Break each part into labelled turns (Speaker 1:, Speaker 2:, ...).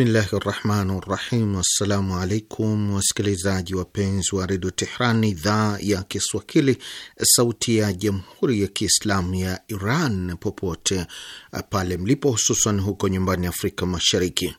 Speaker 1: Bismillahi rahmani rahim. Assalamu alaikum wasikilizaji wapenzi wa redio Tehran, idhaa ya Kiswahili, sauti ya jamhuri ya kiislamu ya Iran, popote pale mlipo, hususan huko nyumbani Afrika Mashariki.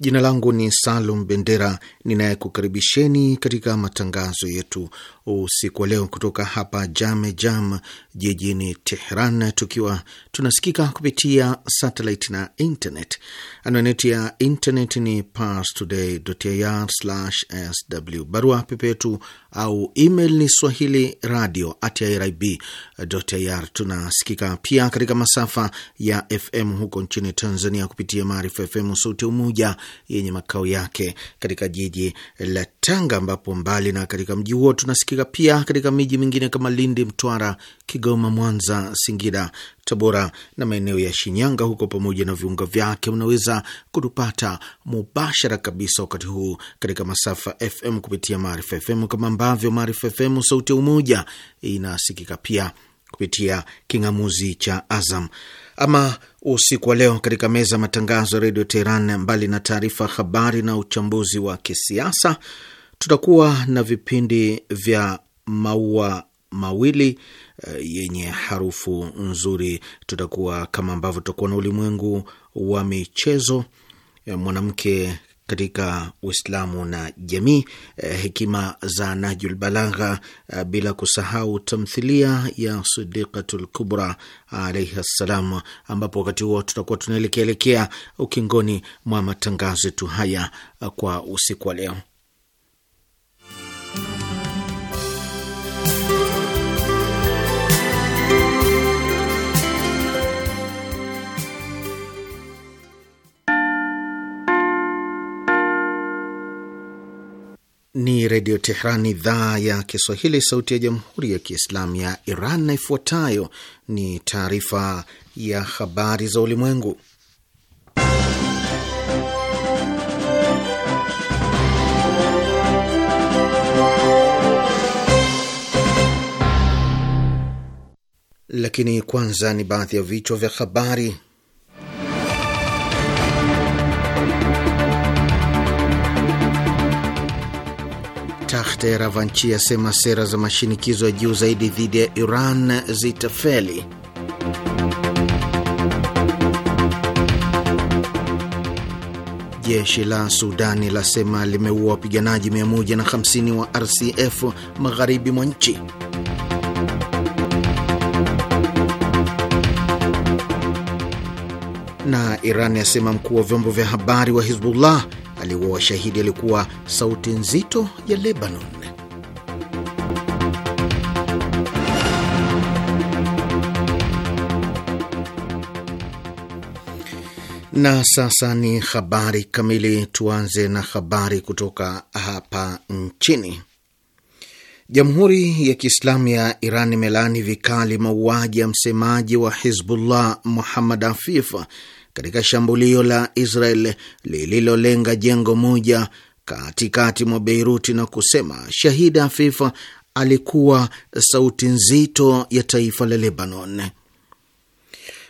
Speaker 1: Jina langu ni Salum Bendera ninayekukaribisheni katika matangazo yetu usiku wa leo kutoka hapa Jame Jam jijini Tehran, tukiwa tunasikika kupitia satellite na internet. Anwani ya internet ni parstoday.ir/sw, barua pepe yetu au email ni swahili radio at irib.ir. Tunasikika pia katika masafa ya FM huko nchini Tanzania kupitia Maarifa FM Sauti Umoja yenye makao yake katika jiji la Tanga, ambapo mbali na katika mji huo tunasikika husikika pia katika miji mingine kama Lindi, Mtwara, Kigoma, Mwanza, Singida, Tabora na maeneo ya Shinyanga huko, pamoja na viunga vyake. Unaweza kutupata mubashara kabisa wakati huu katika masafa FM kupitia Maarifa FM, kama ambavyo Maarifa FM sauti ya Umoja inasikika pia kupitia king'amuzi cha Azam. Ama usiku wa leo katika meza ya matangazo ya redio Teheran, mbali na taarifa habari na uchambuzi wa kisiasa tutakuwa na vipindi vya maua mawili eh, yenye harufu nzuri. Tutakuwa kama ambavyo tutakuwa na ulimwengu wa michezo, eh, mwanamke katika Uislamu na jamii, eh, hekima za Najul Balagha, bila kusahau tamthilia ya Sidiqatul Kubra alaihi ssalam, ambapo wakati huo tutakuwa tunaelekeaelekea ukingoni mwa matangazo yetu haya kwa usiku wa leo. Ni Redio Tehran, idhaa ya Kiswahili, sauti ya Jamhuri ya Kiislamu ya Iran. Na ifuatayo ni taarifa ya habari za ulimwengu, lakini kwanza ni baadhi ya vichwa vya habari. Dr Ravanchi asema sera za mashinikizo ya juu zaidi dhidi ya Iran zitafeli. Jeshi la Sudani lasema limeua wapiganaji 150 wa RCF magharibi mwa nchi. Na Iran yasema mkuu wa vyombo vya habari wa Hizbullah aliuawa washahidi alikuwa sauti nzito ya Lebanon. Na sasa ni habari kamili. Tuanze na habari kutoka hapa nchini. Jamhuri ya Kiislamu ya Iran imelaani vikali mauaji ya msemaji wa Hizbullah Muhammad Afif katika shambulio la Israel lililolenga jengo moja katikati mwa Beiruti na kusema shahidi Afif alikuwa sauti nzito ya taifa la Lebanon.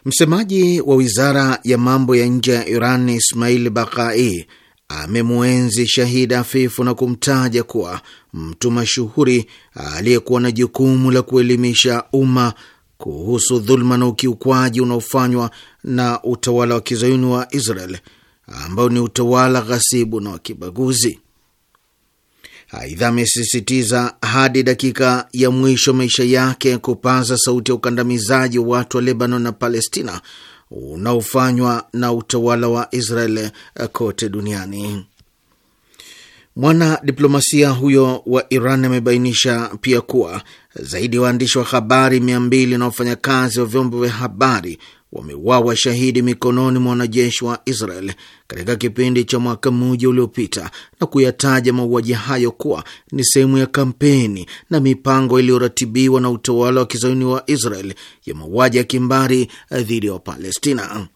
Speaker 1: Msemaji wa wizara ya mambo ya nje ya Iran Ismail Bakai amemwenzi shahidi Afifu na kumtaja kuwa mtu mashuhuri aliyekuwa na jukumu la kuelimisha umma kuhusu dhuluma na ukiukwaji unaofanywa na utawala wa kizayuni wa Israel ambao ni utawala ghasibu na wa kibaguzi. Aidha, amesisitiza hadi dakika ya mwisho maisha yake kupaza sauti ya ukandamizaji wa watu wa Lebanon na Palestina unaofanywa na utawala wa Israel kote duniani. Mwanadiplomasia huyo wa Iran amebainisha pia kuwa zaidi ya waandishi wa habari mia mbili na wafanyakazi wa vyombo vya habari wameuawa shahidi mikononi mwa wanajeshi wa Israel katika kipindi cha mwaka mmoja uliopita na kuyataja mauaji hayo kuwa ni sehemu ya kampeni na mipango iliyoratibiwa na utawala wa kizayuni wa Israel ya mauaji ya kimbari dhidi ya Wapalestina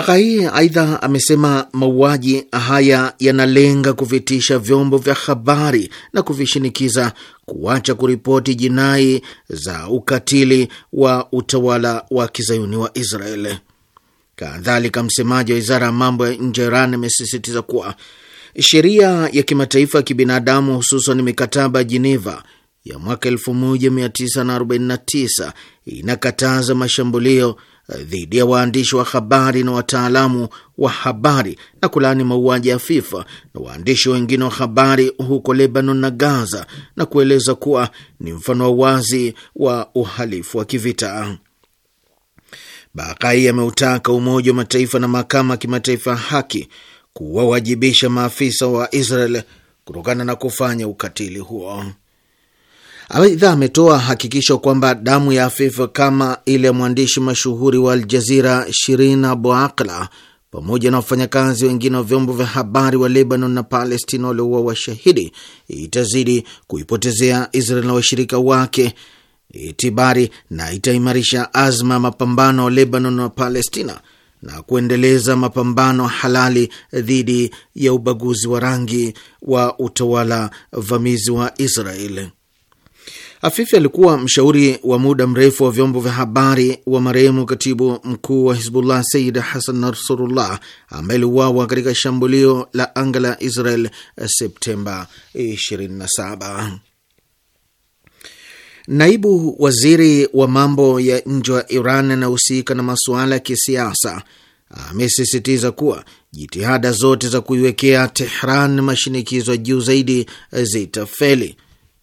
Speaker 1: hii aidha amesema mauaji haya yanalenga kuvitisha vyombo vya habari na kuvishinikiza kuacha kuripoti jinai za ukatili wa utawala wa kizayuni wa Israeli. Kadhalika, msemaji wa wizara ya mambo ya nje Iran amesisitiza kuwa sheria ya kimataifa ya kibinadamu, hususan mikataba ya Jeneva ya mwaka 1949 inakataza mashambulio dhidi ya waandishi wa habari na wataalamu wa habari na kulaani mauaji ya FIFA na waandishi wengine wa habari huko Lebanon na Gaza na kueleza kuwa ni mfano wa wazi wa uhalifu wa kivita. Bakai ameutaka Umoja wa Mataifa na Mahakama ya Kimataifa ya Haki kuwawajibisha maafisa wa Israel kutokana na kufanya ukatili huo. Aidha, ametoa hakikisho kwamba damu ya Afifu kama ile ya mwandishi mashuhuri wa Aljazira Shirin Abu Akla pamoja na wafanyakazi wengine wa vyombo vya habari wa Lebanon na Palestina walioua washahidi itazidi kuipotezea Israel na washirika wake itibari na itaimarisha azma ya mapambano wa Lebanon na Palestina na kuendeleza mapambano halali dhidi ya ubaguzi wa rangi wa utawala vamizi wa Israel. Afifi alikuwa mshauri wa muda mrefu wa vyombo vya habari wa marehemu katibu mkuu wa Hizbullah Sayyid Hasan Nasrullah ambaye aliuawa katika shambulio la anga la Israel eh, Septemba 27. Naibu waziri wa mambo ya nje wa Iran anahusika na masuala ya kisiasa amesisitiza kuwa jitihada zote za kuiwekea Tehran mashinikizo ya juu zaidi eh, zitafeli.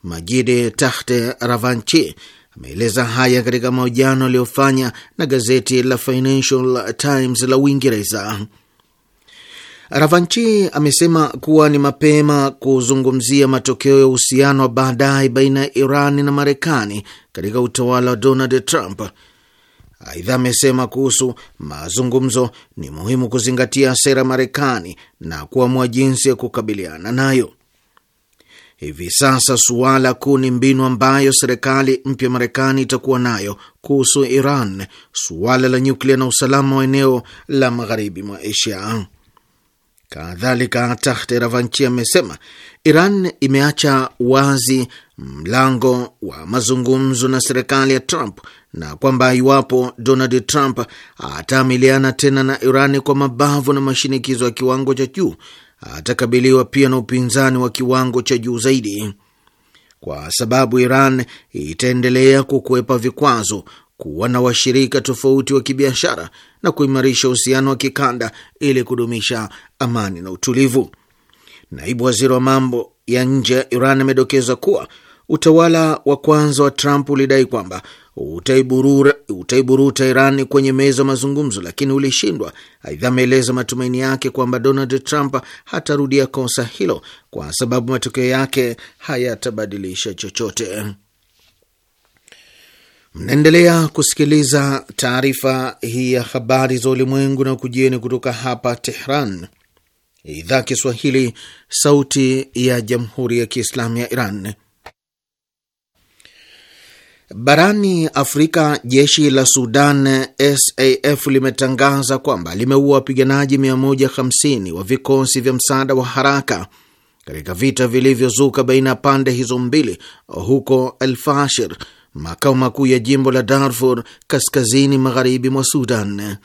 Speaker 1: Majidi Tahte Ravanchi ameeleza haya katika mahojiano aliyofanya na gazeti la Financial Times la Uingereza. Ravanchi amesema kuwa ni mapema kuzungumzia matokeo ya uhusiano wa baadaye baina ya Iran na Marekani katika utawala wa Donald Trump. Aidha, amesema kuhusu mazungumzo ni muhimu kuzingatia sera Marekani na kuamua jinsi ya kukabiliana nayo. Hivi sasa suala kuu ni mbinu ambayo serikali mpya Marekani itakuwa nayo kuhusu Iran, suala la nyuklia na usalama wa eneo la magharibi mwa Asia. Kadhalika, Tahte Ravanchi amesema Iran imeacha wazi mlango wa mazungumzo na serikali ya Trump na kwamba iwapo Donald Trump ataamiliana tena na Irani kwa mabavu na mashinikizo ya kiwango cha juu, atakabiliwa pia na upinzani wa kiwango cha juu zaidi, kwa sababu Iran itaendelea kukwepa vikwazo, kuwa na washirika tofauti wa kibiashara na kuimarisha uhusiano wa kikanda ili kudumisha amani na utulivu. Naibu waziri wa mambo ya nje ya Iran amedokeza kuwa utawala wa kwanza wa Trump ulidai kwamba utaiburuta Iran kwenye meza mazungumzo, lakini ulishindwa. Aidha, ameeleza matumaini yake kwamba Donald Trump hatarudia kosa hilo kwa sababu matokeo yake hayatabadilisha chochote. Mnaendelea kusikiliza taarifa hii ya habari za ulimwengu na kujieni kutoka hapa Tehran, idhaa Kiswahili, sauti ya jamhuri ya kiislamu ya Iran. Barani Afrika, jeshi la Sudan SAF limetangaza kwamba limeua wapiganaji 150 wa vikosi vya msaada wa haraka katika vita vilivyozuka baina ya pande hizo mbili huko El Fashir, makao makuu ya jimbo la Darfur kaskazini magharibi mwa Sudan.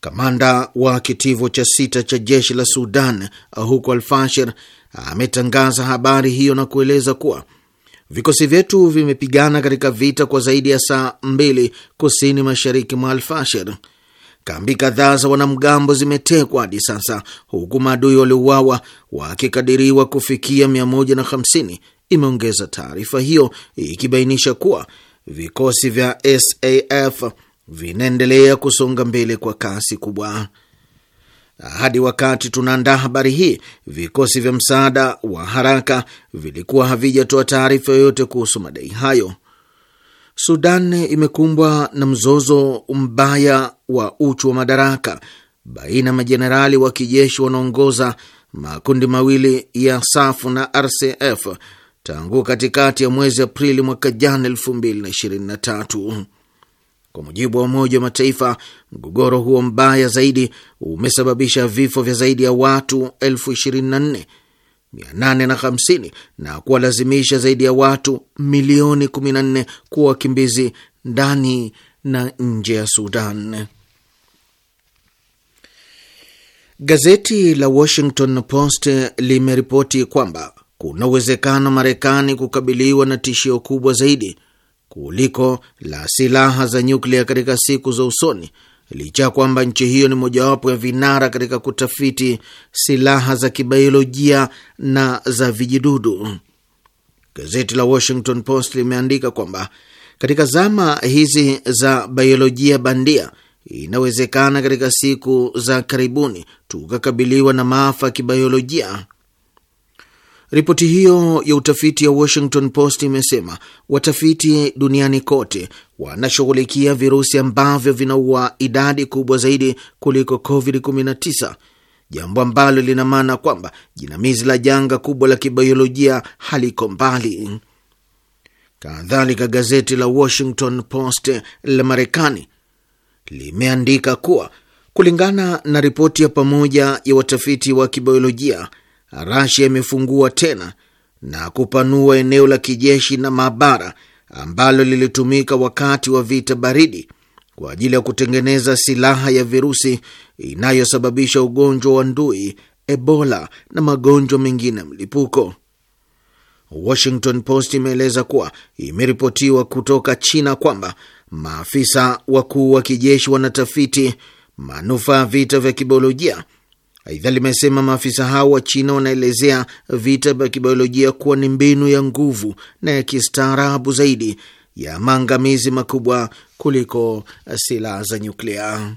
Speaker 1: Kamanda wa kitivo cha sita cha jeshi la Sudan huko Al Fashir ametangaza habari hiyo na kueleza kuwa Vikosi vyetu vimepigana katika vita kwa zaidi ya saa mbili kusini mashariki mwa Alfashir. Kambi kadhaa za wanamgambo zimetekwa hadi sasa, huku maadui waliouawa wakikadiriwa kufikia 150, imeongeza taarifa hiyo ikibainisha kuwa vikosi vya SAF vinaendelea kusonga mbele kwa kasi kubwa. Hadi wakati tunaandaa habari hii, vikosi vya msaada wa haraka vilikuwa havijatoa taarifa yoyote kuhusu madai hayo. Sudan imekumbwa na mzozo mbaya wa uchu wa madaraka baina ya majenerali wa kijeshi wanaongoza makundi mawili ya SAFU na RCF tangu katikati ya mwezi Aprili mwaka jana 2023. Kwa mujibu wa Umoja wa Mataifa, mgogoro huo mbaya zaidi umesababisha vifo vya zaidi ya watu elfu na na kuwalazimisha zaidi ya watu milioni 14 kuwa wakimbizi ndani na nje ya Sudan. Gazeti la Washington Post limeripoti kwamba kuna uwezekano Marekani kukabiliwa na tishio kubwa zaidi kuliko la silaha za nyuklia katika siku za usoni, licha ya kwamba nchi hiyo ni mojawapo ya vinara katika kutafiti silaha za kibaiolojia na za vijidudu. Gazeti la Washington Post limeandika kwamba katika zama hizi za baiolojia bandia inawezekana katika siku za karibuni tukakabiliwa na maafa ya kibaiolojia. Ripoti hiyo ya utafiti ya Washington Post imesema watafiti duniani kote wanashughulikia virusi ambavyo vinaua idadi kubwa zaidi kuliko COVID-19, jambo ambalo lina maana kwamba jinamizi la janga kubwa la kibiolojia haliko mbali. Kadhalika, gazeti la Washington Post la Marekani limeandika kuwa kulingana na ripoti ya pamoja ya watafiti wa kibiolojia Rasia imefungua tena na kupanua eneo la kijeshi na maabara ambalo lilitumika wakati wa vita baridi kwa ajili ya kutengeneza silaha ya virusi inayosababisha ugonjwa wa ndui, Ebola na magonjwa mengine ya mlipuko. Washington Post imeeleza kuwa imeripotiwa kutoka China kwamba maafisa wakuu wa kijeshi wanatafiti manufaa ya vita vya kibiolojia Aidha limesema maafisa hao wa China wanaelezea vita vya kibiolojia kuwa ni mbinu ya nguvu na ya kistaarabu zaidi ya maangamizi makubwa kuliko silaha za nyuklia.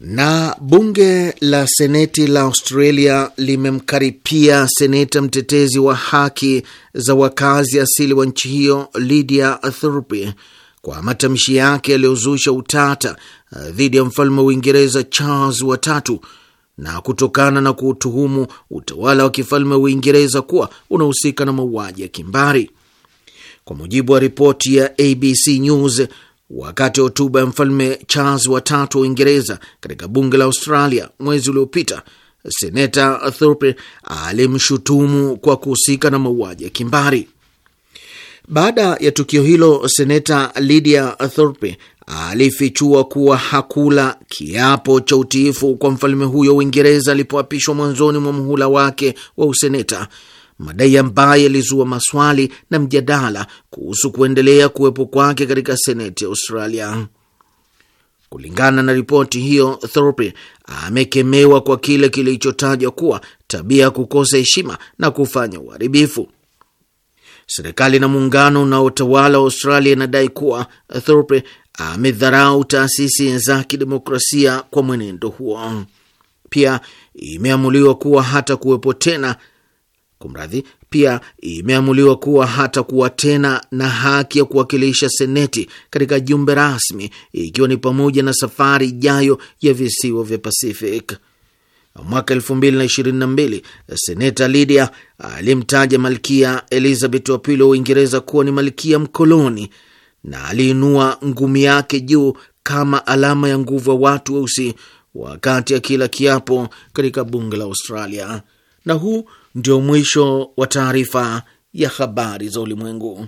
Speaker 1: Na bunge la seneti la Australia limemkaripia seneta mtetezi wa haki za wakazi asili wa nchi hiyo Lydia Thorpe kwa matamshi yake yaliyozusha utata uh, dhidi ya mfalme wa Uingereza Charles watatu na kutokana na kuutuhumu utawala wa kifalme wa Uingereza kuwa unahusika na mauaji ya kimbari. Kwa mujibu wa ripoti ya ABC News, wakati wa hotuba ya mfalme Charles watatu wa Uingereza katika bunge la Australia mwezi uliopita, seneta Thorpe alimshutumu kwa kuhusika na mauaji ya kimbari. Baada ya tukio hilo, seneta Lydia Thorpe alifichua kuwa hakula kiapo cha utiifu kwa mfalme huyo Uingereza alipoapishwa mwanzoni mwa muhula wake wa useneta, madai ambayo yalizua maswali na mjadala kuhusu kuendelea kuwepo kwake katika seneti ya Australia. Kulingana na ripoti hiyo, Thorpe amekemewa kwa kile kilichotajwa kuwa tabia ya kukosa heshima na kufanya uharibifu. Serikali na muungano utawala wa Australia inadai kuwa Thorpe amedharau taasisi za kidemokrasia kwa mwenendo huo. Pia imeamuliwa kuwa hata kuwepo tena kumradhi, pia imeamuliwa kuwa hata kuwa tena na haki ya kuwakilisha seneti katika jumbe rasmi, ikiwa ni pamoja na safari ijayo ya visiwa vya Pacific mwaka mbili seneta Lydia alimtaja malkia Elizabeth wa pili wa Uingereza kuwa ni malkia mkoloni na aliinua ngumi yake juu kama alama ya nguvu ya watu weusi wakati akila kiapo katika bunge la Australia. Na huu ndio mwisho wa taarifa ya habari za ulimwengu.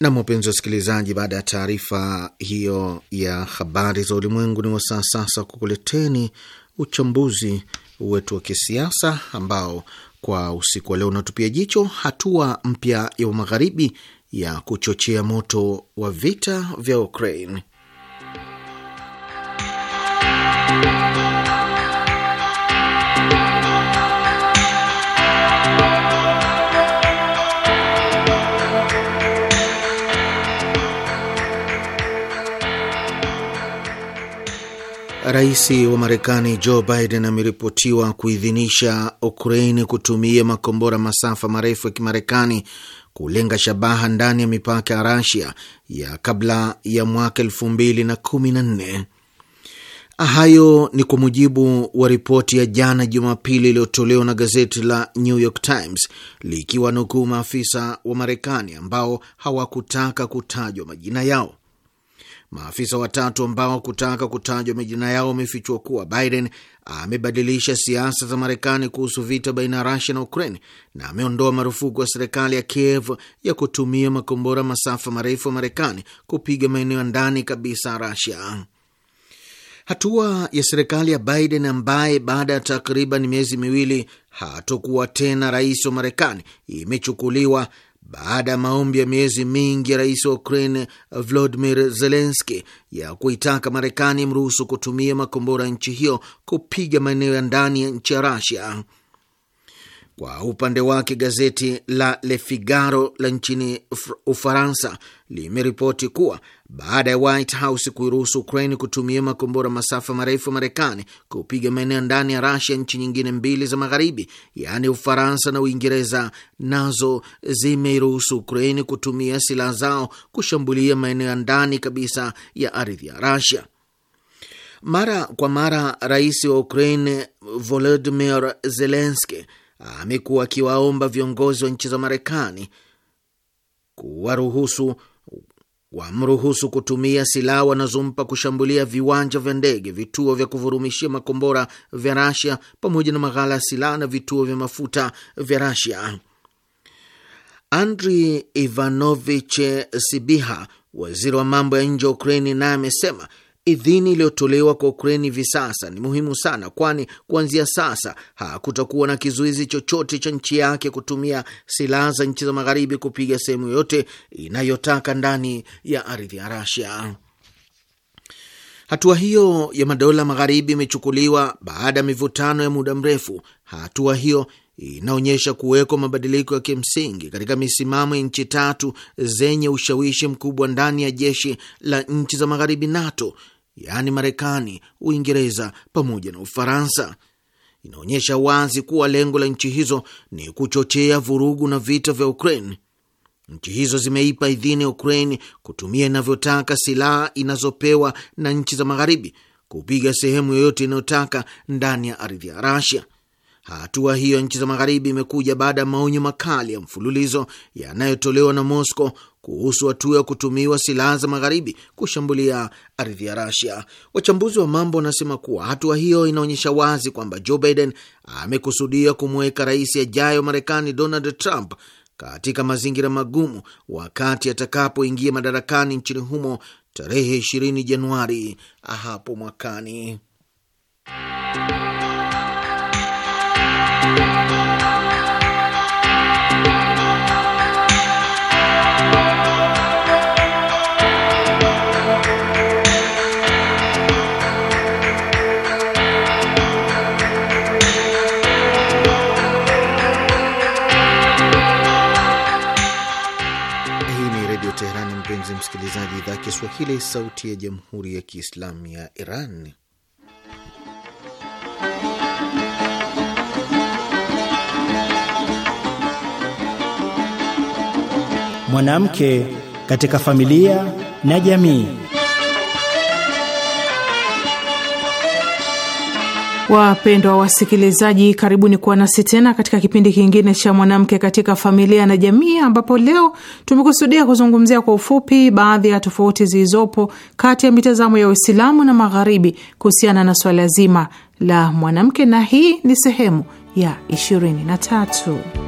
Speaker 1: Nam, wapenzi wasikilizaji, baada ya taarifa hiyo ya habari za ulimwengu, ni wasaa sasa kukuleteni uchambuzi wetu wa kisiasa ambao kwa usiku wa leo unatupia jicho hatua mpya ya magharibi ya kuchochea moto wa vita vya Ukraine. Rais wa Marekani Joe Biden ameripotiwa kuidhinisha Ukraini kutumia makombora masafa marefu ya Kimarekani kulenga shabaha ndani ya mipaka ya Rasia ya kabla ya mwaka elfu mbili na kumi na nne. Hayo ni kwa mujibu wa ripoti ya jana Jumapili iliyotolewa na gazeti la New York Times likiwa nukuu maafisa wa Marekani ambao hawakutaka kutajwa majina yao. Maafisa watatu ambao kutaka kutajwa majina yao wamefichua kuwa Biden amebadilisha siasa za Marekani kuhusu vita baina ya Rusia na Ukraine na ameondoa marufuku ya serikali ya Kiev ya kutumia makombora masafa marefu ya Marekani kupiga maeneo ya ndani kabisa ya Rusia. Hatua ya serikali ya Biden ambaye baada ya takriban miezi miwili hatokuwa tena rais wa Marekani imechukuliwa baada ya maombi ya miezi mingi ya rais wa Ukraine Volodymyr Zelensky ya kuitaka Marekani mruhusu kutumia makombora ya nchi hiyo kupiga maeneo ya ndani ya nchi ya Rasia. Kwa upande wake gazeti la Le Figaro la nchini Ufaransa limeripoti kuwa baada ya White House kuiruhusu Ukraine kutumia makombora masafa marefu Marekani kupiga maeneo ndani ya Rasia, nchi nyingine mbili za magharibi, yaani Ufaransa na Uingereza, nazo zimeiruhusu Ukraine kutumia silaha zao kushambulia maeneo ya ndani kabisa ya ardhi ya Rasia. Mara kwa mara, rais wa Ukraine Volodimir Zelenski amekuwa akiwaomba viongozi wa nchi za Marekani kuwaruhusu wamruhusu kutumia silaha wanazompa kushambulia viwanja vya ndege, vituo vya kuvurumishia makombora vya Rasia pamoja na maghala ya silaha na vituo vya mafuta vya Rasia. Andri Ivanovich Sibiha, waziri wa mambo ya nje wa Ukraini, naye amesema idhini iliyotolewa kwa Ukraini hivi sasa ni muhimu sana, kwani kuanzia sasa hakutakuwa na kizuizi chochote cha nchi yake kutumia silaha za nchi za magharibi kupiga sehemu yoyote inayotaka ndani ya ardhi ya Rasia. Hatua hiyo ya madola magharibi imechukuliwa baada ya mivutano ya muda mrefu. Hatua hiyo inaonyesha kuwekwa mabadiliko ya kimsingi katika misimamo ya nchi tatu zenye ushawishi mkubwa ndani ya jeshi la nchi za magharibi NATO yaani Marekani, Uingereza pamoja na Ufaransa. Inaonyesha wazi kuwa lengo la nchi hizo ni kuchochea vurugu na vita vya Ukraine. Nchi hizo zimeipa idhini ya Ukraine kutumia inavyotaka silaha inazopewa na nchi za Magharibi kupiga sehemu yoyote inayotaka ndani ya ardhi ya Rasia. Hatua hiyo nchi za magharibi imekuja baada ya maonyo makali ya mfululizo yanayotolewa na Moscow kuhusu hatua ya kutumiwa silaha za magharibi kushambulia ardhi ya Rasia. Wachambuzi wa mambo wanasema kuwa hatua hiyo inaonyesha wazi kwamba Joe Biden amekusudia kumweka rais ajayo Marekani Donald Trump katika mazingira magumu wakati atakapoingia madarakani nchini humo tarehe 20 Januari ah, hapo mwakani. Msikilizaji idhaa Kiswahili, sauti ya jamhuri ya kiislamu ya Iran.
Speaker 2: mwanamke katika familia na jamii.
Speaker 3: Wapendwa wasikilizaji, karibuni kuwa nasi tena katika kipindi kingine cha mwanamke katika familia na jamii, ambapo leo tumekusudia kuzungumzia kwa ufupi baadhi ya tofauti zilizopo kati ya mitazamo ya Uislamu na Magharibi kuhusiana na swala zima la mwanamke, na hii ni sehemu ya 23.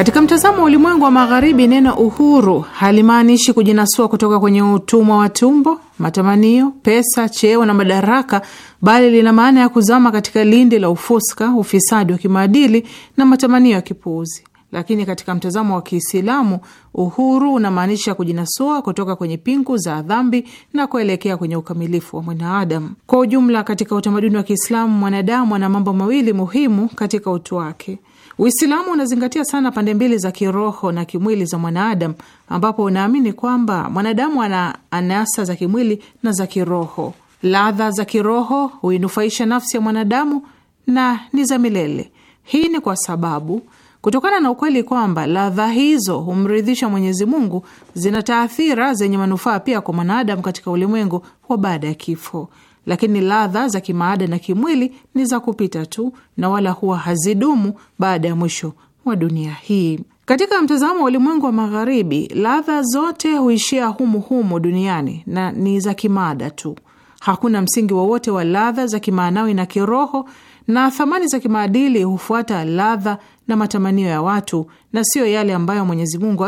Speaker 3: Katika mtazamo wa ulimwengu wa Magharibi, neno uhuru halimaanishi kujinasua kutoka kwenye utumwa wa tumbo, matamanio, pesa, cheo na madaraka, bali lina maana ya kuzama katika lindi la ufuska, ufisadi wa kimaadili na matamanio ya kipuuzi. Lakini katika mtazamo wa Kiislamu, uhuru unamaanisha kujinasua kutoka kwenye pingu za dhambi na kuelekea kwenye ukamilifu wa mwanadamu kwa ujumla. Katika utamaduni wa Kiislamu, mwanadamu ana mambo mawili muhimu katika utu wake: Uislamu unazingatia sana pande mbili za kiroho na kimwili za mwanadamu, ambapo unaamini kwamba mwanadamu ana anasa za kimwili na za kiroho. Ladha za kiroho huinufaisha nafsi ya mwanadamu na ni za milele. Hii ni kwa sababu kutokana na ukweli kwamba ladha hizo humridhisha Mwenyezi Mungu, zina taathira zenye manufaa pia kwa mwanadamu katika ulimwengu wa baada ya kifo lakini ladha za kimaada na kimwili ni za kupita tu na wala huwa hazidumu baada ya mwisho wa dunia hii. Katika mtazamo wa ulimwengu wa Magharibi, ladha zote huishia humu humu duniani na ni za kimaada tu. Hakuna msingi wowote wa, wa ladha za kimaanawi na kiroho, na thamani za kimaadili hufuata ladha na matamanio ya watu na siyo yale ambayo Mwenyezi Mungu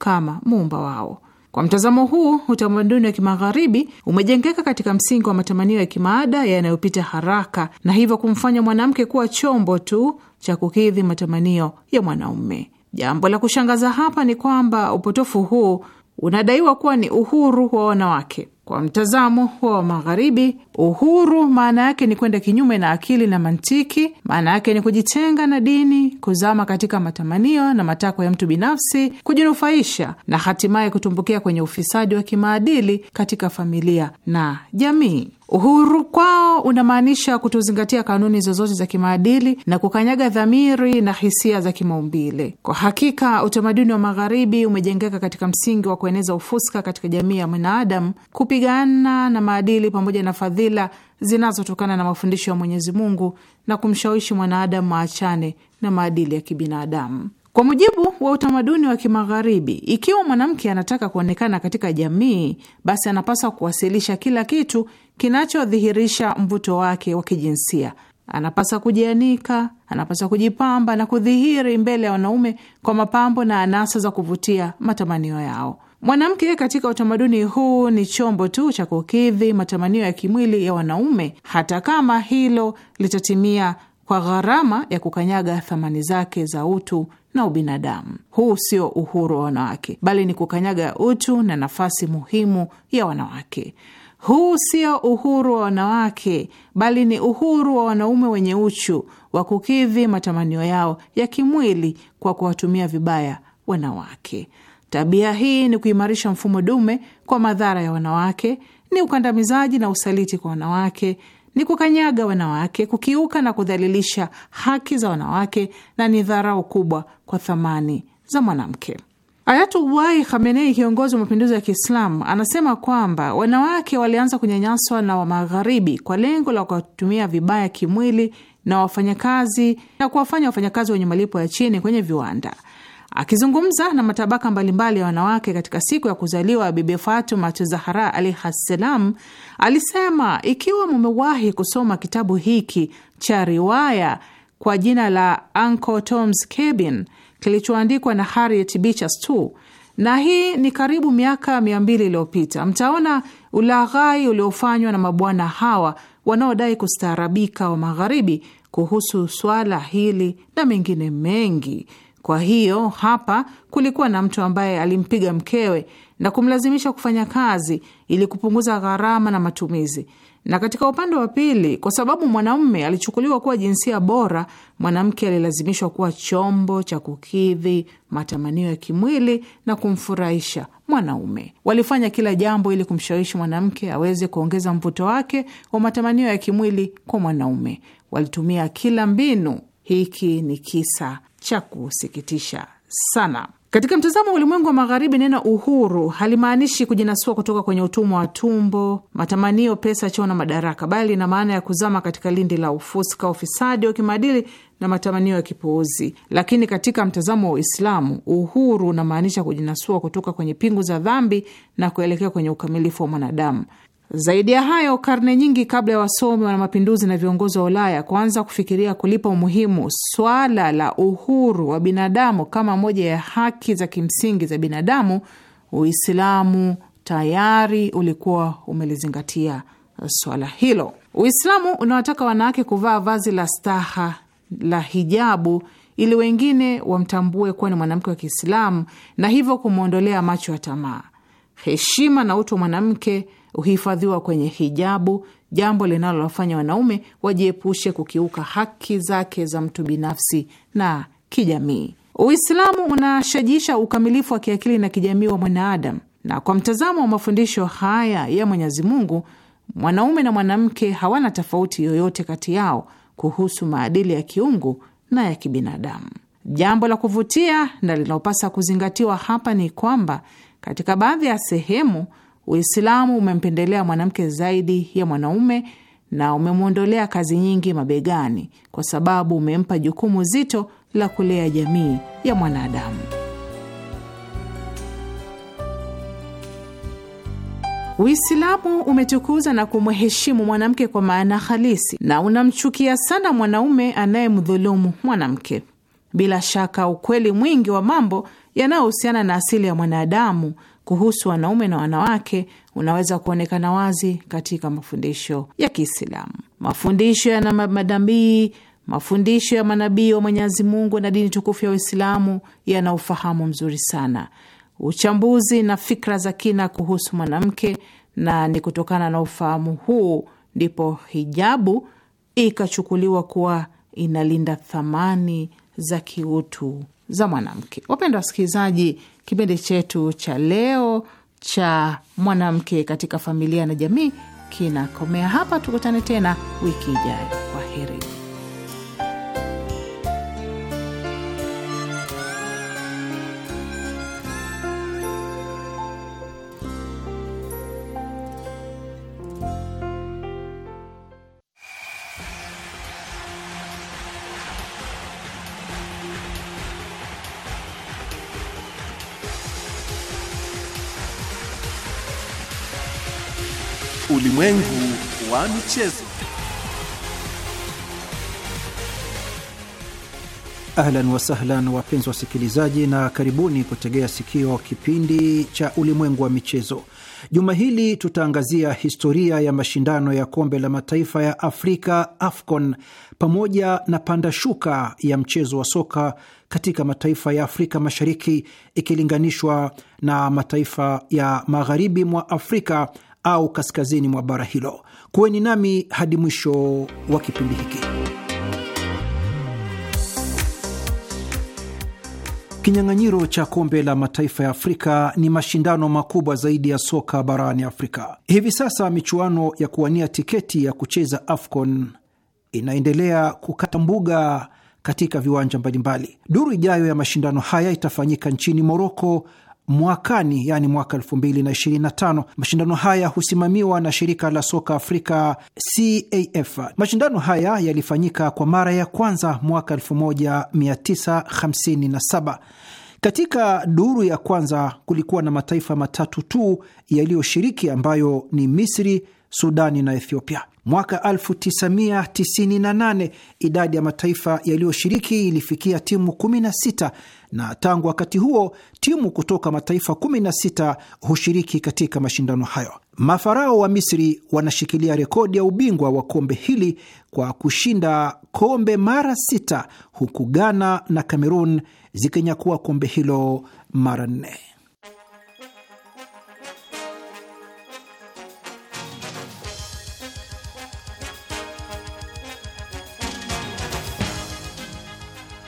Speaker 3: kama muumba wao. Kwa mtazamo huu, utamaduni wa kimagharibi umejengeka katika msingi wa matamanio ya kimaada yanayopita haraka na hivyo kumfanya mwanamke kuwa chombo tu cha kukidhi matamanio ya mwanaume. Jambo la kushangaza hapa ni kwamba upotofu huu unadaiwa kuwa ni uhuru wa wanawake. Kwa mtazamo huo wa Magharibi, uhuru maana yake ni kwenda kinyume na akili na mantiki. Maana yake ni kujitenga na dini, kuzama katika matamanio na matakwa ya mtu binafsi, kujinufaisha na hatimaye kutumbukia kwenye ufisadi wa kimaadili katika familia na jamii. Uhuru kwao unamaanisha kutozingatia kanuni zozote za kimaadili na kukanyaga dhamiri na hisia za kimaumbile. Kwa hakika, utamaduni wa Magharibi umejengeka katika msingi wa kueneza ufuska katika jamii ya mwanadamu kupi kupigana na maadili pamoja na fadhila zinazotokana na mafundisho ya Mwenyezi Mungu na kumshawishi mwanaadamu aachane na maadili ya kibinadamu. Kwa mujibu wa utamaduni wa Kimagharibi, ikiwa mwanamke anataka kuonekana katika jamii, basi anapaswa kuwasilisha kila kitu kinachodhihirisha mvuto wake wa kijinsia. Anapaswa kujianika, anapaswa kujipamba na kudhihiri mbele ya wanaume kwa mapambo na anasa za kuvutia matamanio yao. Mwanamke katika utamaduni huu ni chombo tu cha kukidhi matamanio ya kimwili ya wanaume, hata kama hilo litatimia kwa gharama ya kukanyaga thamani zake za utu na ubinadamu. Huu sio uhuru wa wanawake, bali ni kukanyaga utu na nafasi muhimu ya wanawake. Huu sio uhuru wa wanawake, bali ni uhuru wa wanaume wenye uchu wa kukidhi matamanio yao ya kimwili kwa kuwatumia vibaya wanawake. Tabia hii ni kuimarisha mfumo dume kwa madhara ya wanawake, ni ukandamizaji na usaliti kwa wanawake, ni kukanyaga wanawake, kukiuka na kudhalilisha haki za wanawake, na ni dharau kubwa kwa thamani za mwanamke. Ayatullahi Khamenei, kiongozi wa mapinduzi ya Kiislamu, anasema kwamba wanawake walianza kunyanyaswa na wa Magharibi kwa lengo la kuwatumia vibaya kimwili na wafanyakazi na kuwafanya wafanyakazi wenye malipo ya chini kwenye viwanda. Akizungumza na matabaka mbalimbali ya wanawake katika siku ya kuzaliwa Bibi Fatuma Tuzahara alaihis salam, alisema ikiwa mumewahi kusoma kitabu hiki cha riwaya kwa jina la Uncle Tom's Cabin kilichoandikwa na Harriet Beecher Stowe, na hii ni karibu miaka mia mbili iliyopita, mtaona ulaghai uliofanywa na mabwana hawa wanaodai kustaarabika wa Magharibi kuhusu swala hili na mengine mengi kwa hiyo hapa kulikuwa na mtu ambaye alimpiga mkewe na kumlazimisha kufanya kazi ili kupunguza gharama na matumizi. Na katika upande wa pili, kwa sababu mwanaume alichukuliwa kuwa jinsia bora, mwanamke alilazimishwa kuwa chombo cha kukidhi matamanio ya kimwili na kumfurahisha mwanaume. Walifanya kila jambo ili kumshawishi mwanamke aweze kuongeza mvuto wake wa matamanio ya kimwili kwa mwanaume. Walitumia kila mbinu. Hiki ni kisa cha kusikitisha sana. Katika mtazamo wa ulimwengu wa Magharibi, neno uhuru halimaanishi kujinasua kutoka kwenye utumwa wa tumbo, matamanio, pesa, cheo na madaraka, bali ina maana ya kuzama katika lindi la ufuska, ufisadi wa kimaadili na matamanio ya kipuuzi. Lakini katika mtazamo wa Uislamu, uhuru unamaanisha kujinasua kutoka kwenye pingu za dhambi na kuelekea kwenye ukamilifu wa mwanadamu. Zaidi ya hayo, karne nyingi kabla ya wasomi, wana mapinduzi na viongozi wa Ulaya kuanza kufikiria kulipa umuhimu swala la uhuru wa binadamu kama moja ya haki za kimsingi za binadamu, Uislamu tayari ulikuwa umelizingatia swala hilo. Uislamu unawataka wanawake kuvaa vazi la staha la hijabu ili wengine wamtambue kuwa ni mwanamke wa Kiislamu na hivyo kumwondolea macho ya tamaa, heshima na utu wa mwanamke huhifadhiwa kwenye hijabu, jambo linalowafanya wanaume wajiepushe kukiuka haki zake za mtu binafsi na kijamii. Uislamu unashajisha ukamilifu wa kiakili na kijamii wa mwanaadamu, na kwa mtazamo wa mafundisho haya ya Mwenyezi Mungu, mwanaume na mwanamke hawana tofauti yoyote kati yao kuhusu maadili ya kiungu na ya kibinadamu. Jambo la kuvutia na linalopasa kuzingatiwa hapa ni kwamba katika baadhi ya sehemu Uislamu umempendelea mwanamke zaidi ya mwanaume na umemwondolea kazi nyingi mabegani, kwa sababu umempa jukumu zito la kulea jamii ya mwanadamu. Uislamu umetukuza na kumheshimu mwanamke kwa maana halisi na unamchukia sana mwanaume anayemdhulumu mwanamke. Bila shaka ukweli mwingi wa mambo yanayohusiana na asili ya mwanadamu kuhusu wanaume na wanawake unaweza kuonekana wazi katika mafundisho ya Kiislamu. Mafundisho yana manabii, mafundisho ya manabii wa Mwenyezi Mungu na dini tukufu ya Uislamu yana ufahamu mzuri sana, uchambuzi na fikra za kina kuhusu mwanamke, na ni kutokana na ufahamu huu ndipo hijabu ikachukuliwa kuwa inalinda thamani za kiutu za mwanamke. Wapendwa wasikilizaji, kipindi chetu cha leo cha mwanamke katika familia na jamii kinakomea hapa. Tukutane tena wiki ijayo. Kwaheri.
Speaker 4: michezo.
Speaker 5: Ahlan wasahlan, wapenzi wasikilizaji, na karibuni kutegea sikio kipindi cha ulimwengu wa michezo. Juma hili tutaangazia historia ya mashindano ya kombe la mataifa ya Afrika, AFCON, pamoja na panda shuka ya mchezo wa soka katika mataifa ya Afrika Mashariki ikilinganishwa na mataifa ya magharibi mwa Afrika au kaskazini mwa bara hilo. Kuweni nami hadi mwisho wa kipindi hiki. Kinyang'anyiro cha kombe la mataifa ya Afrika ni mashindano makubwa zaidi ya soka barani Afrika. Hivi sasa michuano ya kuwania tiketi ya kucheza AFCON inaendelea kukata mbuga katika viwanja mbalimbali. Duru ijayo ya mashindano haya itafanyika nchini Moroko mwakani, yani mwaka 2025. Mashindano haya husimamiwa na shirika la soka Afrika CAF. Mashindano haya yalifanyika kwa mara ya kwanza mwaka 1957. Katika duru ya kwanza kulikuwa na mataifa matatu tu yaliyoshiriki ambayo ni Misri, Sudani na Ethiopia. Mwaka 1998 idadi ya mataifa yaliyoshiriki ilifikia timu 16 na tangu wakati huo timu kutoka mataifa 16 hushiriki katika mashindano hayo. Mafarao wa Misri wanashikilia rekodi ya ubingwa wa kombe hili kwa kushinda kombe mara sita, huku Ghana na cameron zikinyakua kombe hilo mara nne.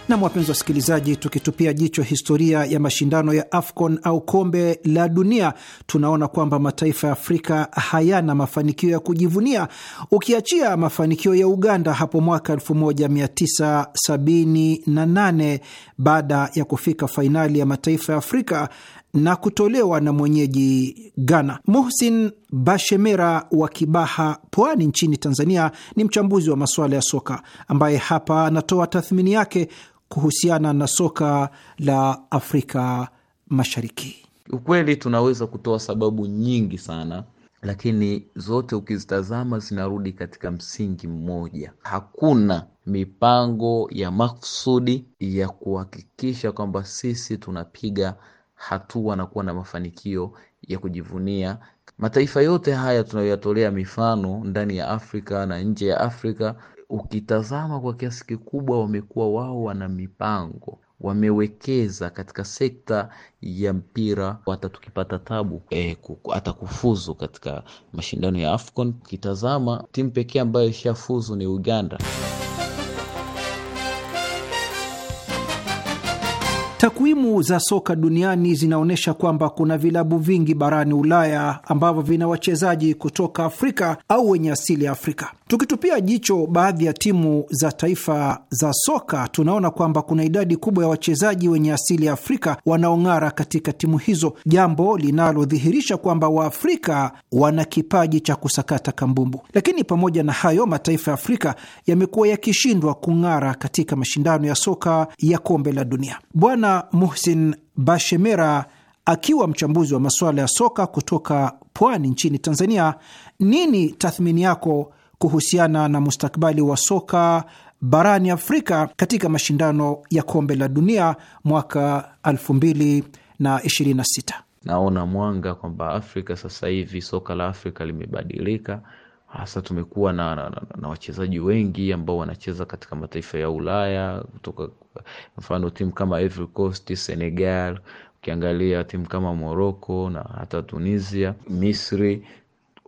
Speaker 5: Nam, wapenzi wasikilizaji, tukitupia jicho historia ya mashindano ya AFCON au kombe la dunia, tunaona kwamba mataifa ya Afrika hayana mafanikio ya kujivunia, ukiachia mafanikio ya Uganda hapo mwaka 1978 baada ya kufika fainali ya mataifa ya Afrika na kutolewa na mwenyeji Ghana. Muhsin Bashemera wa Kibaha, Pwani, nchini Tanzania, ni mchambuzi wa masuala ya soka ambaye hapa anatoa tathmini yake kuhusiana na soka la Afrika Mashariki.
Speaker 6: Ukweli tunaweza kutoa sababu nyingi sana lakini zote ukizitazama zinarudi katika msingi mmoja. Hakuna mipango ya makusudi ya kuhakikisha kwamba sisi tunapiga hatua na kuwa na mafanikio ya kujivunia. Mataifa yote haya tunayoyatolea mifano ndani ya Afrika na nje ya Afrika, ukitazama kwa kiasi kikubwa wamekuwa wao wana mipango wamewekeza katika sekta ya mpira. Hata tukipata tabu e, hata kufuzu katika mashindano ya AFCON. Ukitazama timu pekee ambayo ishafuzu ni Uganda.
Speaker 5: Takwimu za soka duniani zinaonyesha kwamba kuna vilabu vingi barani Ulaya ambavyo vina wachezaji kutoka Afrika au wenye asili ya Afrika. Tukitupia jicho baadhi ya timu za taifa za soka, tunaona kwamba kuna idadi kubwa ya wachezaji wenye asili ya Afrika wanaong'ara katika timu hizo, jambo linalodhihirisha kwamba Waafrika wana kipaji cha kusakata kambumbu. Lakini pamoja na hayo, mataifa ya Afrika yamekuwa yakishindwa kung'ara katika mashindano ya soka ya kombe la dunia. Bwana Bwana Muhsin Bashemera akiwa mchambuzi wa masuala ya soka kutoka Pwani nchini Tanzania, nini tathmini yako kuhusiana na mustakabali wa soka barani Afrika katika mashindano ya kombe la dunia mwaka 2026?
Speaker 6: Naona mwanga kwamba Afrika sasa hivi soka la Afrika limebadilika hasa tumekuwa na, na, na, na wachezaji wengi ambao wanacheza katika mataifa ya Ulaya kutoka mfano timu kama Ivory Coast, Senegal, ukiangalia timu kama Morocco na hata Tunisia, Misri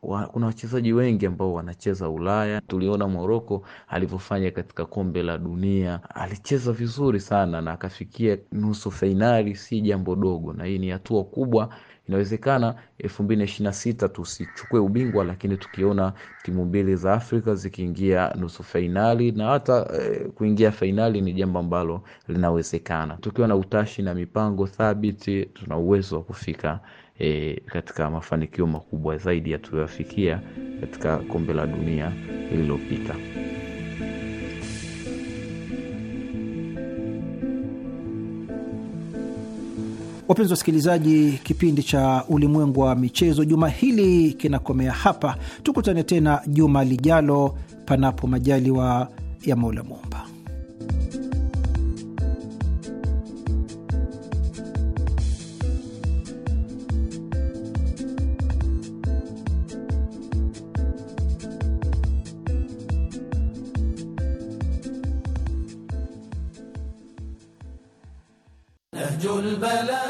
Speaker 6: wa, kuna wachezaji wengi ambao wanacheza Ulaya. Tuliona Moroko alivyofanya katika kombe la dunia, alicheza vizuri sana na akafikia nusu fainali, si jambo dogo, na hii ni hatua kubwa Inawezekana 2026 tusichukue ubingwa, lakini tukiona timu mbili za Afrika zikiingia nusu fainali na hata e, kuingia fainali ni jambo ambalo linawezekana. Tukiwa na utashi na mipango thabiti, tuna uwezo wa kufika e, katika mafanikio makubwa zaidi ya tuliyofikia katika kombe la dunia
Speaker 5: lililopita. Wapenzi wasikilizaji, kipindi cha ulimwengu wa michezo juma hili kinakomea hapa. Tukutane tena juma lijalo, panapo majaliwa ya Mola Muumba.
Speaker 7: Nahjul Balagha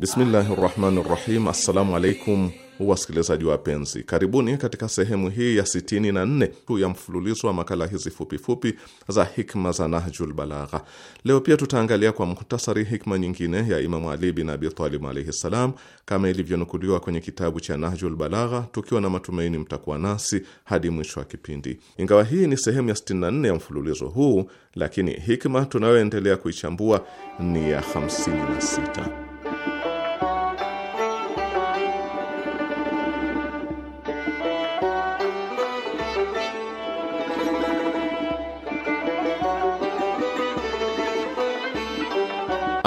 Speaker 4: Bismillahi rahmani rahim. Assalamu alaikum wasikilizaji wapenzi, karibuni katika sehemu hii ya 64 tu ya mfululizo wa makala hizi fupifupi za hikma za Nahjul Balagha. Leo pia tutaangalia kwa muhtasari hikma nyingine ya Imamu Ali bin Abi Talib alaihi ssalam, kama ilivyonukuliwa kwenye kitabu cha Nahjul Balagha, tukiwa na matumaini mtakuwa nasi hadi mwisho wa kipindi. Ingawa hii ni sehemu ya 64 ya mfululizo huu, lakini hikma tunayoendelea kuichambua ni ya 56.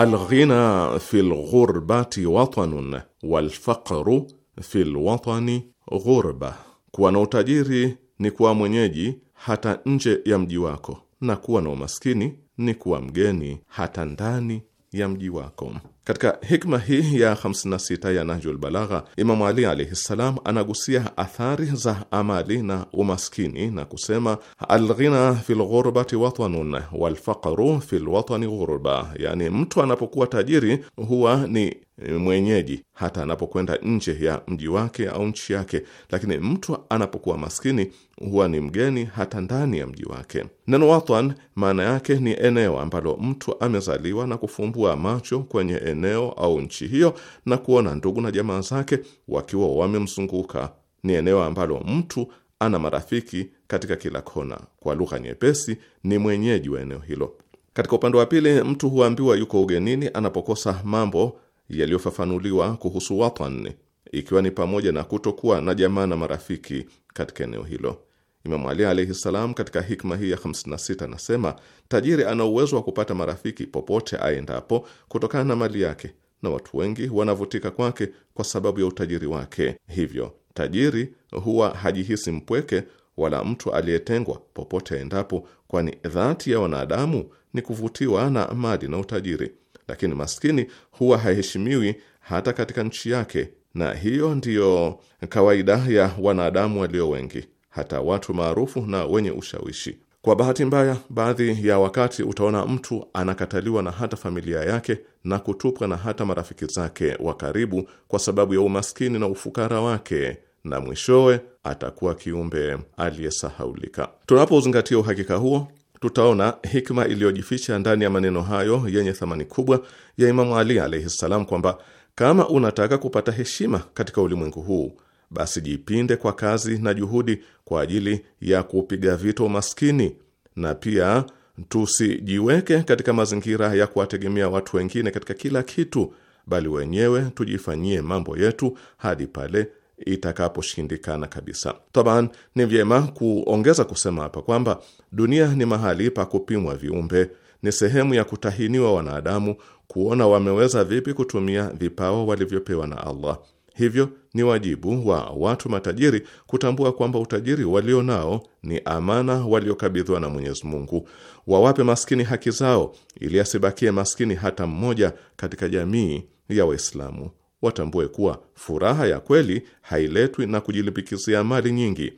Speaker 4: alghina fi lghurbati watanun walfaqru fi lwatani ghurba, kuwa na utajiri ni kuwa mwenyeji hata nje ya mji wako, na kuwa na umaskini ni kuwa mgeni hata ndani ya mji wako. Katika hikma hii ya 56 ya Nahjul Balagha, Imamu Ali alaihi ssalam anagusia athari za amali na umaskini na kusema, alghina fi lghurbati watanun walfaqru fi lwatani ghurba, yani mtu anapokuwa tajiri huwa ni Eh, mwenyeji hata anapokwenda nje ya mji wake au nchi yake, lakini mtu anapokuwa maskini huwa ni mgeni hata ndani ya mji wake. Neno watan maana yake ni eneo ambalo mtu amezaliwa na kufumbua macho kwenye eneo au nchi hiyo na kuona ndugu na jamaa zake wakiwa wamemzunguka. Ni eneo ambalo mtu ana marafiki katika kila kona. Kwa lugha nyepesi, ni mwenyeji wa eneo hilo. Katika upande wa pili, mtu huambiwa yuko ugenini anapokosa mambo yaliyofafanuliwa kuhusu Watan, ikiwa ni pamoja na kutokuwa na jamaa na marafiki katika eneo hilo. Imamu Ali alaihi ssalam, katika hikma hii ya 56 anasema tajiri ana uwezo wa kupata marafiki popote aendapo kutokana na mali yake, na watu wengi wanavutika kwake kwa sababu ya utajiri wake. Hivyo tajiri huwa hajihisi mpweke wala mtu aliyetengwa popote aendapo, kwani dhati ya wanadamu ni kuvutiwa na mali na utajiri lakini maskini huwa haheshimiwi hata katika nchi yake, na hiyo ndiyo kawaida ya wanadamu walio wengi, hata watu maarufu na wenye ushawishi. Kwa bahati mbaya, baadhi ya wakati utaona mtu anakataliwa na hata familia yake na kutupwa na hata marafiki zake wa karibu kwa sababu ya umaskini na ufukara wake na mwishowe atakuwa kiumbe aliyesahaulika. Tunapozingatia uhakika huo, tutaona hikma iliyojificha ndani ya maneno hayo yenye thamani kubwa ya Imamu Ali alaihi ssalam, kwamba kama unataka kupata heshima katika ulimwengu huu, basi jipinde kwa kazi na juhudi kwa ajili ya kupiga vita umaskini, na pia tusijiweke katika mazingira ya kuwategemea watu wengine katika kila kitu, bali wenyewe tujifanyie mambo yetu hadi pale itakaposhindikana kabisa. Taban, ni vyema kuongeza kusema hapa kwamba dunia ni mahali pa kupimwa viumbe, ni sehemu ya kutahiniwa wanadamu kuona wameweza vipi kutumia vipao walivyopewa na Allah. Hivyo ni wajibu wa watu matajiri kutambua kwamba utajiri walio nao ni amana waliokabidhiwa na Mwenyezi Mungu. Wawape maskini haki zao, ili asibakie maskini hata mmoja katika jamii ya Waislamu watambue kuwa furaha ya kweli hailetwi na kujilimbikizia mali nyingi,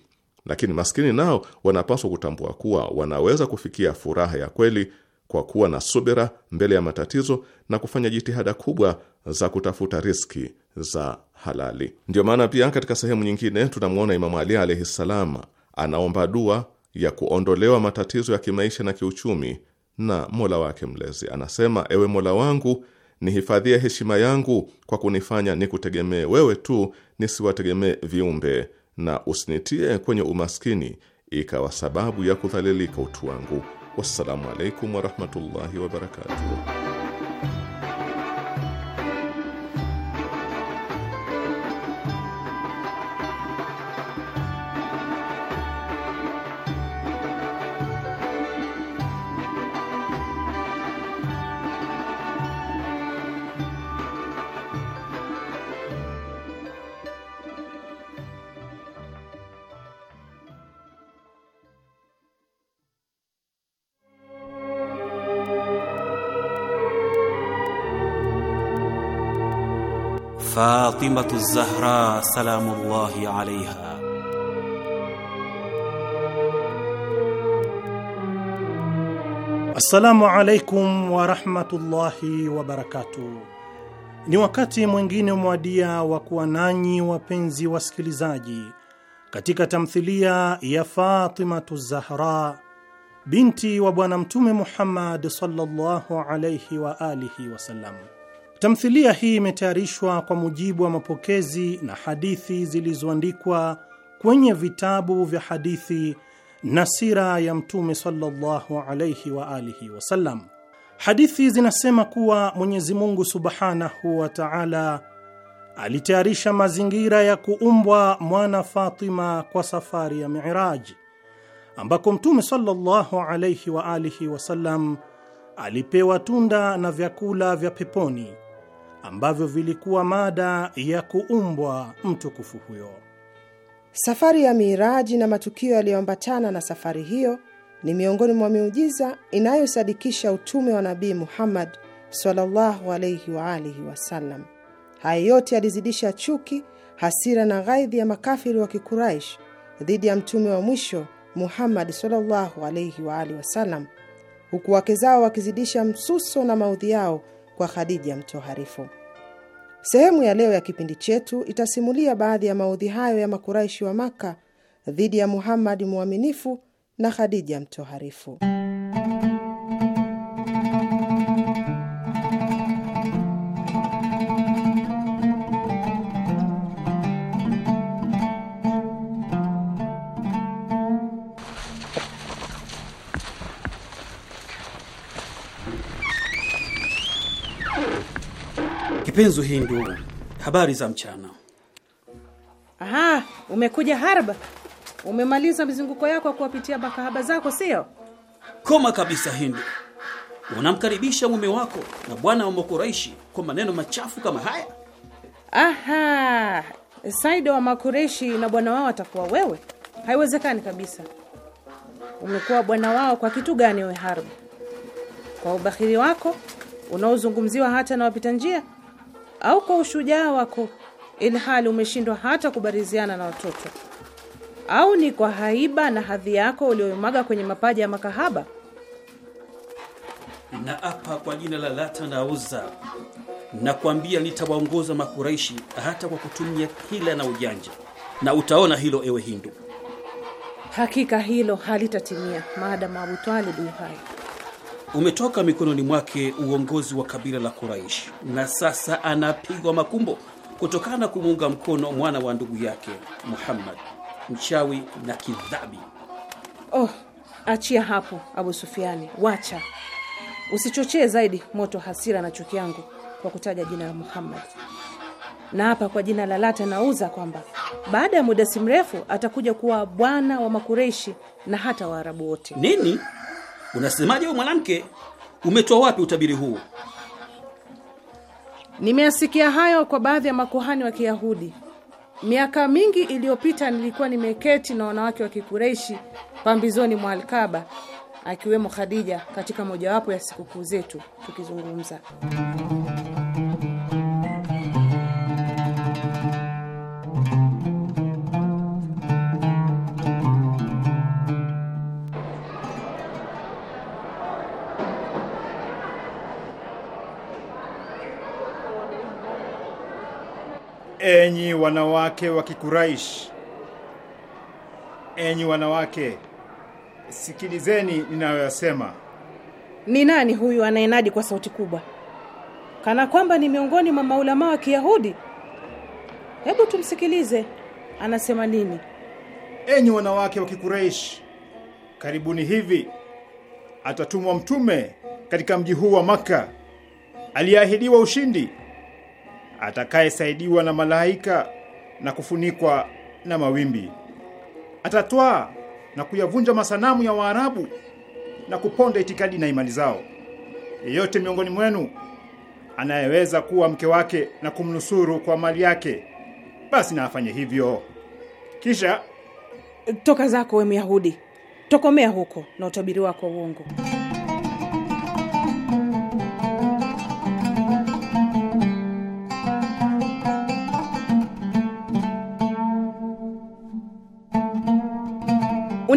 Speaker 4: lakini maskini nao wanapaswa kutambua kuwa wanaweza kufikia furaha ya kweli kwa kuwa na subira mbele ya matatizo na kufanya jitihada kubwa za kutafuta riski za halali. Ndiyo maana pia katika sehemu nyingine tunamwona Imamu Ali alaihi ssalam anaomba dua ya kuondolewa matatizo ya kimaisha na kiuchumi na mola wake mlezi. Anasema, ewe mola wangu nihifadhie heshima yangu kwa kunifanya nikutegemee wewe tu, nisiwategemee viumbe, na usinitie kwenye umaskini ikawa sababu ya kudhalilika utu wangu. Wassalamu alaikum warahmatullahi wabarakatuh.
Speaker 8: فاطمة الزهراء سلام الله عليها
Speaker 2: Assalamu alaikum warahmatullahi wabarakatuh. Ni wakati mwingine mwadia wa kuwa nanyi wapenzi wasikilizaji, katika tamthilia ya Fatimatu Zahra binti wa Bwana Mtume Muhammad sallallahu alaihi wa alihi wasallam. Tamthilia hii imetayarishwa kwa mujibu wa mapokezi na hadithi zilizoandikwa kwenye vitabu vya hadithi na sira ya Mtume sallallahu alayhi wa alihi wasallam. Hadithi zinasema kuwa Mwenyezi Mungu subhanahu wa taala alitayarisha mazingira ya kuumbwa mwana Fatima kwa safari ya Miraj, ambako Mtume sallallahu alayhi wa alihi wasallam alipewa tunda na vyakula vya peponi ambavyo vilikuwa mada ya kuumbwa mtukufu huyo.
Speaker 9: Safari ya Miraji na matukio yaliyoambatana na safari hiyo ni miongoni mwa miujiza inayosadikisha utume wa Nabii Muhammad sallallahu alayhi wa alihi wasallam. Haya yote yalizidisha chuki, hasira na ghaidhi ya makafiri wa Kikuraish dhidi ya mtume wa mwisho Muhammad sallallahu alayhi wa alihi wasallam, huku wake zao wakizidisha msuso na maudhi yao kwa Khadija mtoharifu. Sehemu ya leo ya kipindi chetu itasimulia baadhi ya maudhi hayo ya makuraishi wa Maka dhidi ya Muhammad mwaminifu na Khadija mtoharifu.
Speaker 8: Kipenzo, hii ndio habari za mchana.
Speaker 3: Aha, umekuja Harba, umemaliza mizunguko yako ya kuwapitia
Speaker 8: makahaba zako, sio? Koma kabisa Hindu, unamkaribisha mume wako na bwana wa Makuraishi kwa maneno machafu kama haya?
Speaker 3: Aha, Saido wa Makureshi na bwana wao atakuwa wewe? Haiwezekani kabisa. Umekuwa bwana wao kwa kitu gani wewe Harba? Kwa ubahiri wako unaozungumziwa hata na wapita njia? au kwa ushujaa wako, ilhali umeshindwa hata kubariziana na watoto? Au ni kwa haiba na hadhi yako uliyoimaga kwenye mapaja ya makahaba?
Speaker 8: Na apa kwa jina la Lata na Uza, nakwambia nitawaongoza Makuraishi hata kwa kutumia hila na ujanja, na utaona hilo, ewe Hindu.
Speaker 3: Hakika hilo halitatimia maadamu Abu Talib hai
Speaker 8: umetoka mikononi mwake uongozi wa kabila la Quraish, na sasa anapigwa makumbo kutokana na kumuunga mkono mwana wa ndugu yake Muhammad, mchawi na kidhabi.
Speaker 3: Oh, achia hapo Abu Sufiani, wacha usichochee zaidi moto hasira na chuki yangu kwa kutaja jina la Muhammad, na hapa kwa jina la lata nauza kwamba baada ya muda si mrefu atakuja kuwa bwana wa Makureishi na hata Waarabu wote. Nini?
Speaker 8: Unasemaje wewe mwanamke? Umetoa wapi utabiri huu?
Speaker 3: Nimeyasikia hayo kwa baadhi ya makuhani wa Kiyahudi. Miaka mingi iliyopita nilikuwa nimeketi na wanawake wa Kikureishi pambizoni mwa Alkaba, akiwemo Khadija katika mojawapo ya sikukuu zetu tukizungumza
Speaker 2: enyi wanawake wa Kikuraish, enyi wanawake, sikilizeni ninayoyasema.
Speaker 3: Ni nani huyu anayenadi kwa sauti kubwa, kana kwamba ni miongoni mwa maulamaa wa Kiyahudi? Hebu
Speaker 2: tumsikilize anasema nini. Enyi wanawake wa Kikureishi, karibuni hivi atatumwa mtume katika mji huu wa makka aliyeahidiwa ushindi atakayesaidiwa na malaika na kufunikwa na mawimbi. Atatwaa na kuyavunja masanamu ya Waarabu na kuponda itikadi na imani zao. Yeyote miongoni mwenu anayeweza kuwa mke wake na kumnusuru kwa mali yake, basi na afanye hivyo. Kisha toka zako, we Myahudi,
Speaker 3: tokomea huko na utabiri wako uongo.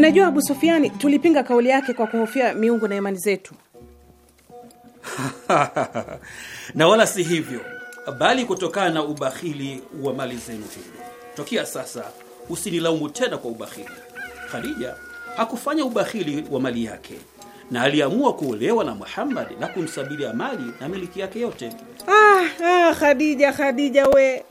Speaker 3: Unajua Abu Sufiani, tulipinga kauli yake kwa kuhofia miungu na imani zetu
Speaker 8: na wala si hivyo, bali kutokana na ubahili wa mali zenu hivi. tokia sasa usinilaumu tena kwa ubahili. Khadija hakufanya ubahili wa mali yake na aliamua kuolewa na Muhammad na kumsabilia mali na miliki yake yote.
Speaker 3: Ah, ah, Khadija, Khadija we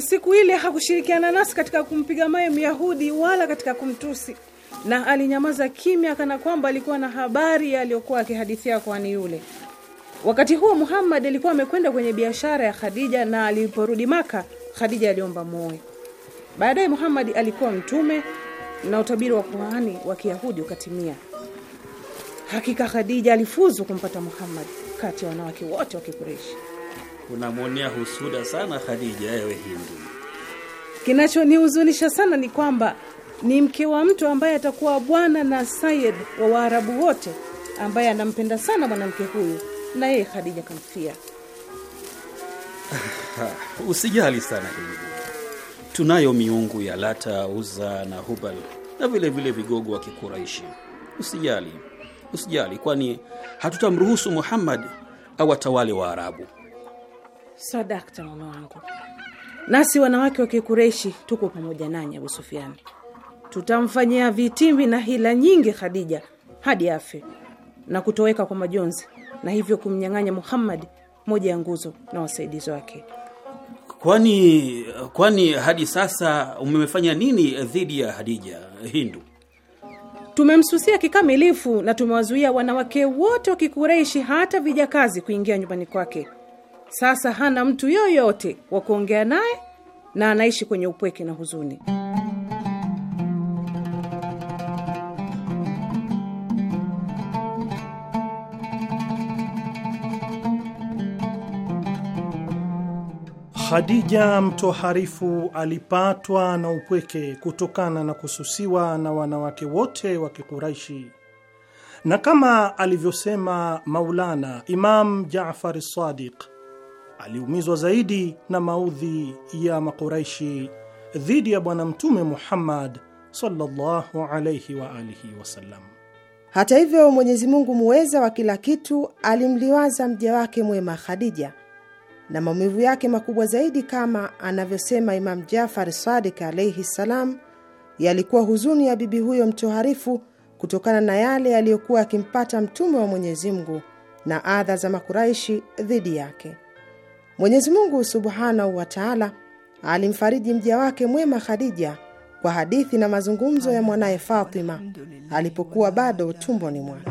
Speaker 3: siku ile hakushirikiana nasi katika kumpiga mawe Myahudi wala katika kumtusi na alinyamaza kimya kana kwamba alikuwa na habari aliyokuwa akihadithia kwani yule. Wakati huo Muhammad alikuwa amekwenda kwenye biashara ya Khadija, na aliporudi Maka, Khadija aliomba muoe. Baadaye Muhammad alikuwa mtume na utabiri wa Qurani wa Kiyahudi ukatimia. Hakika Khadija alifuzu kumpata Muhammad kati ya wanawake wote wa Kikureishi.
Speaker 8: Unamwonea husuda sana Khadija, ewe Hindu.
Speaker 3: Kinachonihuzunisha sana ni kwamba ni mke wa mtu ambaye atakuwa bwana na sayid wa Waarabu wote ambaye anampenda sana mwanamke huyu na yeye Khadija kamfia.
Speaker 8: Usijali sana hili. Tunayo miungu ya Lata, Uza na Hubal na vile vile vigogo wa Kikuraishi. Usijali, usijali, kwani hatutamruhusu Muhammad awatawale Waarabu.
Speaker 3: Sadakta mama wangu, nasi wanawake wa Kikureishi tuko pamoja nanyi, Abu Sufiani tutamfanyia vitimbi na hila nyingi Khadija hadi afe na kutoweka kwa majonzi, na hivyo kumnyang'anya Muhammad moja ya nguzo na wasaidizi wake.
Speaker 8: Kwani kwani hadi sasa umefanya nini dhidi ya Khadija Hindu?
Speaker 3: Tumemsusia kikamilifu na tumewazuia wanawake wote wa Kikureishi, hata vijakazi, kuingia nyumbani kwake. Sasa hana mtu yoyote wa kuongea naye na anaishi kwenye upweke na huzuni.
Speaker 2: Khadija mtoharifu alipatwa na upweke kutokana na kususiwa na wanawake wote wa Kikuraishi, na kama alivyosema Maulana Imam Jafar Sadiq, aliumizwa zaidi na maudhi ya Makuraishi dhidi ya Bwana Mtume Muhammad sallallahu alayhi wa alihi wasallam.
Speaker 9: Hata hivyo Mwenyezi Mungu muweza wa kila kitu alimliwaza mja wake mwema Khadija na maumivu yake makubwa zaidi, kama anavyosema Imam Jafar Sadik alaihi ssalam, yalikuwa huzuni ya bibi huyo mtoharifu kutokana na yale yaliyokuwa yakimpata mtume wa Mwenyezi Mungu na adha za Makuraishi dhidi yake. Mwenyezi Mungu subhanahu wa taala alimfariji mja wake mwema Khadija kwa hadithi na mazungumzo ya mwanaye Fatima alipokuwa bado tumboni mwake.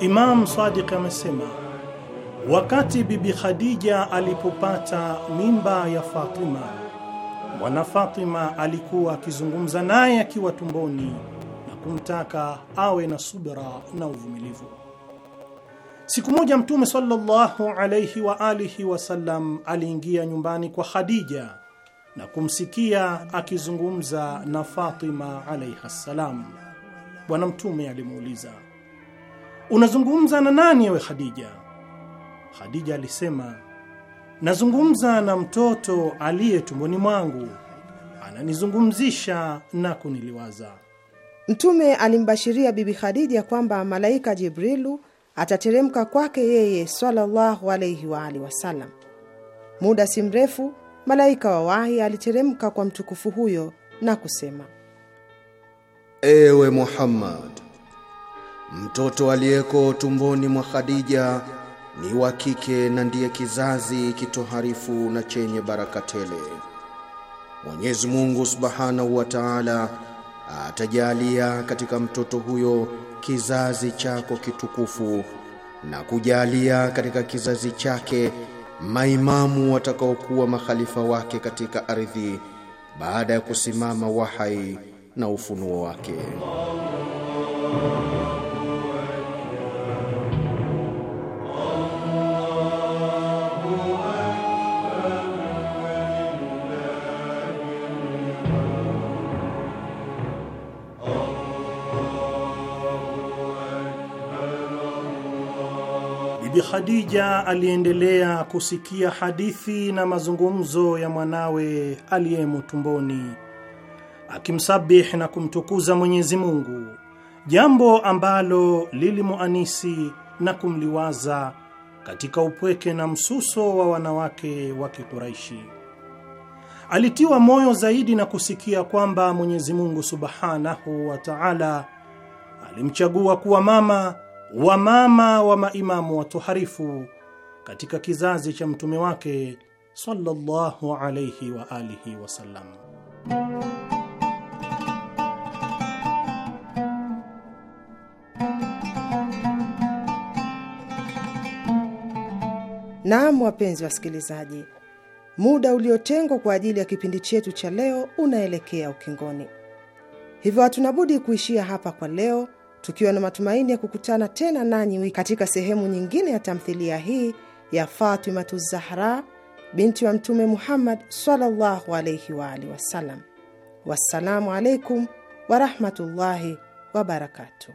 Speaker 2: Imam Sadiq amesema wakati Bibi Khadija alipopata mimba ya Fatima, mwana Fatima alikuwa akizungumza naye akiwa tumboni na kumtaka awe na subra na uvumilivu. Siku moja Mtume sallallahu alayhi wa alihi wasallam aliingia nyumbani kwa Khadija na kumsikia akizungumza na Fatima alayha salam. Bwana Mtume alimuuliza unazungumza na nani ewe Khadija? Khadija alisema, nazungumza na mtoto aliye tumboni mwangu, ananizungumzisha na kuniliwaza.
Speaker 9: Mtume alimbashiria Bibi Khadija kwamba malaika Jibrilu atateremka kwake yeye sallallahu alaihi wa alihi wasallam. Muda si mrefu malaika wa wahi aliteremka kwa mtukufu huyo na kusema,
Speaker 1: ewe Muhammad Mtoto aliyeko tumboni mwa Khadija ni wa kike na ndiye kizazi kitoharifu na chenye baraka tele. Mwenyezi Mungu Subhanahu wa Ta'ala atajalia katika mtoto huyo kizazi chako kitukufu na kujalia katika kizazi chake maimamu watakaokuwa makhalifa wake katika ardhi baada ya kusimama wahai na ufunuo wake.
Speaker 2: Khadija aliendelea kusikia hadithi na mazungumzo ya mwanawe aliyemo tumboni akimsabih na kumtukuza Mwenyezi Mungu, jambo ambalo lilimuanisi na kumliwaza katika upweke na msuso wa wanawake wa Kikuraishi. Alitiwa moyo zaidi na kusikia kwamba Mwenyezi Mungu Subhanahu wa Ta'ala alimchagua kuwa mama wamama wa maimamu watoharifu katika kizazi cha mtume wake sallallahu alayhi wa alihi wasallam.
Speaker 9: Naam, wapenzi wasikilizaji, muda uliotengwa kwa ajili ya kipindi chetu cha leo unaelekea ukingoni, hivyo hatuna budi kuishia hapa kwa leo tukiwa na matumaini ya kukutana tena nanyi katika sehemu nyingine ya tamthilia hii ya Fatimatu Zahra binti wa Mtume Muhammad sallallahu alaihi wa alihi wasallam. Wassalamu alaikum warahmatullahi wabarakatuh.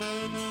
Speaker 10: Thank you.